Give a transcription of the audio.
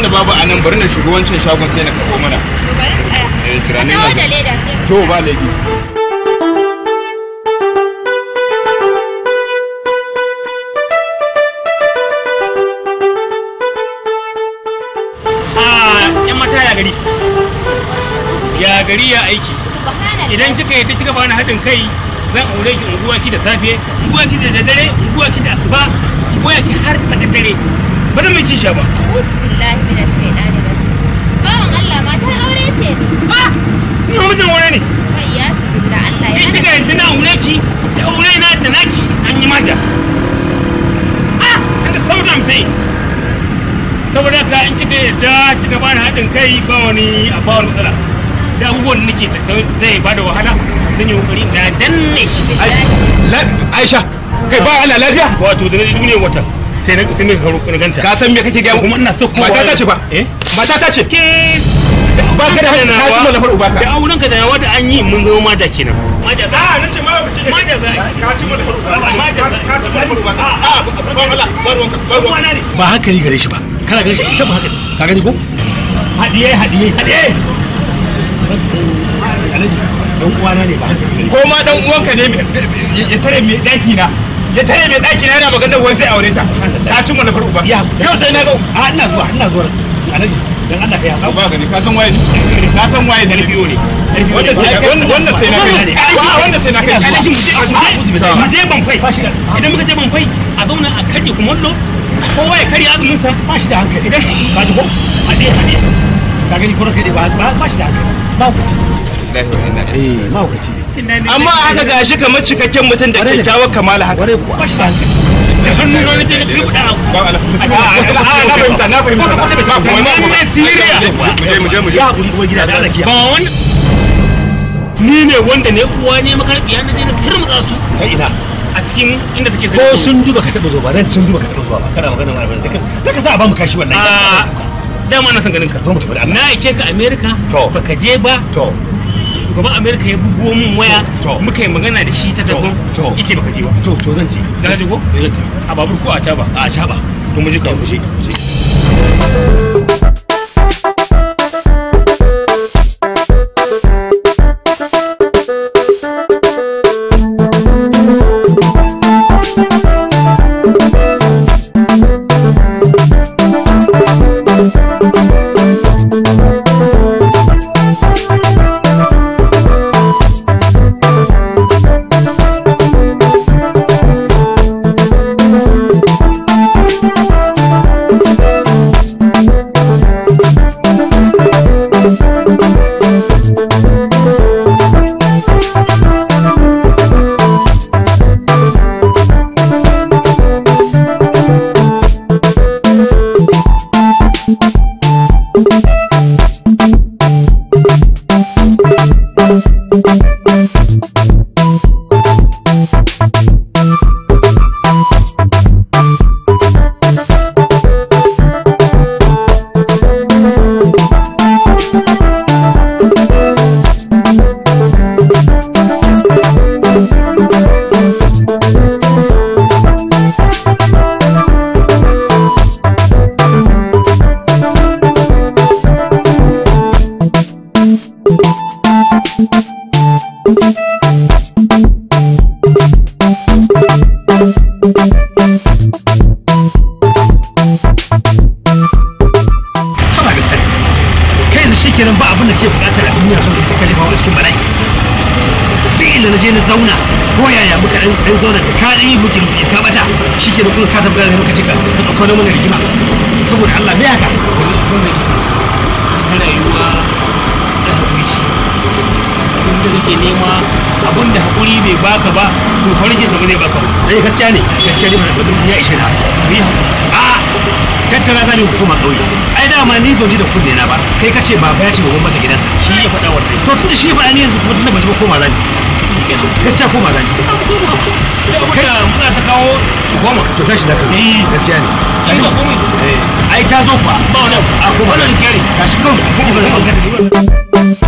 tun da babu nan bari na shiga wancan shagon sai na kafo mana eh, to ba laifi ah, ya gari ya aiki idan kika yi ta kika bani haɗin kai zan aure ki unguwa ki da safe unguwa ki da dare unguwa ki da asuba unguwa ki har da dare ba dan mai kishiya ba billahi min ash-shaytani bawan Allah matar aure ce ah ni mijin aure ne wai ya da Allah ya kika yanzu na aure ki da aure na da naki an yi mata ah inda sauda sai saboda ka in kika yarda kika ba ni haɗin kai ba wani a ba wani matsala da abubuwan da nake tattaunin zai ba da wahala zan yi kokari na danne shi aisha kai ba allah lafiya wato da na duniyar wata sai na sai na ganta ka san me kake ga kuma ina so kuma mata ta ce fa mata ta ce ke ba ka da hana Ka ci mallafar uba ka da auren ka da yawa da an yi mun zama mata kenan mata za a nace ma ba ce mata za ka ci mallafar uba mata ka ci mallafar uba a a ba wala ba ruwan ba ruwan ba haka ne gare shi ba kana gare shi ba haka ka gani ko hadiye hadiye hadiye dan uwana ne ba ko ma dan uwanka ne ya tare mai daki na da ta mai ɗaki na yana magana wani zai aure ta ta cin wani farko ba yau sai na ga a ina zuwa ina zuwa alaji dan Allah kai ba gani ka san waye ka san waye da biyo ne wanda sai wanda sai na kai wanda sai na kai alaji mu je ban fai idan muka je ban fai a zauna a karye kumallo kowa ya karya azumin sa ba shi da hankali idan ba ji ko a je a ka gani ko kai ba ba shi da hankali ba ku eh ma ne amma haka gashi kamar cikakken mutum da kyakkyawar kamala haka ware kuwa da na ni ne wanda ne uwa ne makarbiya na na turmutsa su ta ina a cikin inda take ko sun duba ka taba zo ba dan sun duba ka taba zo ba kana magana malamin da kaka sa a bamu kashi wannan dama na san ganin ka na ka america baka je ba shugaban amerika ya bugo mun waya muka yi magana da shi ta tabon ice baka je ba to to zan ci da ji ko eh, a babur ko a caba a caba to mu je ka eh, mu je Thank you. kenan ba abin da ke bukatar a duniya sun da kalima a cikin duk na je na zauna ko yaya muka dan zauna ka ka bata shi ke da ka tabbata muka cika ka ɗauko mana rigima saboda Allah me haka kana yiwa kake nema abun da haƙuri bai baka ba to farjin da ba zai baka ba eh gaskiya ne gaskiya ne ba da ya ishe na ni a tattara ne hukuma kauye ai da ma ni ban ji da kunne na ba kai kace ba ba ya ce ba gwamnati gidansa shi ya faɗa wannan to tun shi ba ni yanzu kuma tun da ban ji koma zani gaskiya koma zani kai muna ta kawo goma to tashi da kai eh gaskiya ne eh. ai ta zo fa ba wani a kuma wani kare tashi kawai kuma ba zan ga